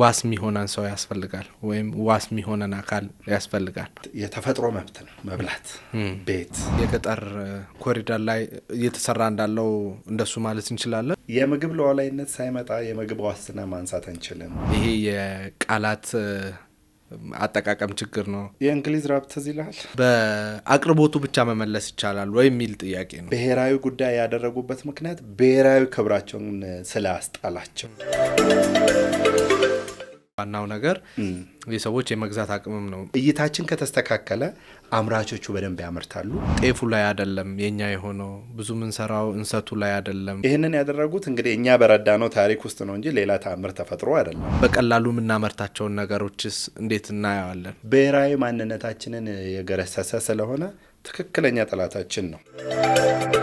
ዋስ የሚሆነን ሰው ያስፈልጋል፣ ወይም ዋስ የሚሆነን አካል ያስፈልጋል። የተፈጥሮ መብት ነው መብላት። ቤት የገጠር ኮሪደር ላይ እየተሰራ እንዳለው እንደሱ ማለት እንችላለን። የምግብ ለዋላይነት ሳይመጣ የምግብ ዋስትና ማንሳት አንችልም። ይሄ የቃላት አጠቃቀም ችግር ነው። የእንግሊዝ ራብ ትዝ ይልሃል? በአቅርቦቱ ብቻ መመለስ ይቻላል ወይ የሚል ጥያቄ ነው። ብሔራዊ ጉዳይ ያደረጉበት ምክንያት ብሔራዊ ክብራቸውን አስጣላቸው። ዋናው ነገር የሰዎች የመግዛት አቅምም ነው። እይታችን ከተስተካከለ አምራቾቹ በደንብ ያመርታሉ። ጤፉ ላይ አይደለም የኛ የሆነው ብዙ ምንሰራው እንሰቱ ላይ አይደለም። ይህንን ያደረጉት እንግዲህ እኛ በረዳነው ታሪክ ውስጥ ነው እንጂ ሌላ ተአምር ተፈጥሮ አይደለም። በቀላሉ የምናመርታቸውን ነገሮችስ እንዴት እናየዋለን? ብሔራዊ ማንነታችንን የገረሰሰ ስለሆነ ትክክለኛ ጠላታችን ነው።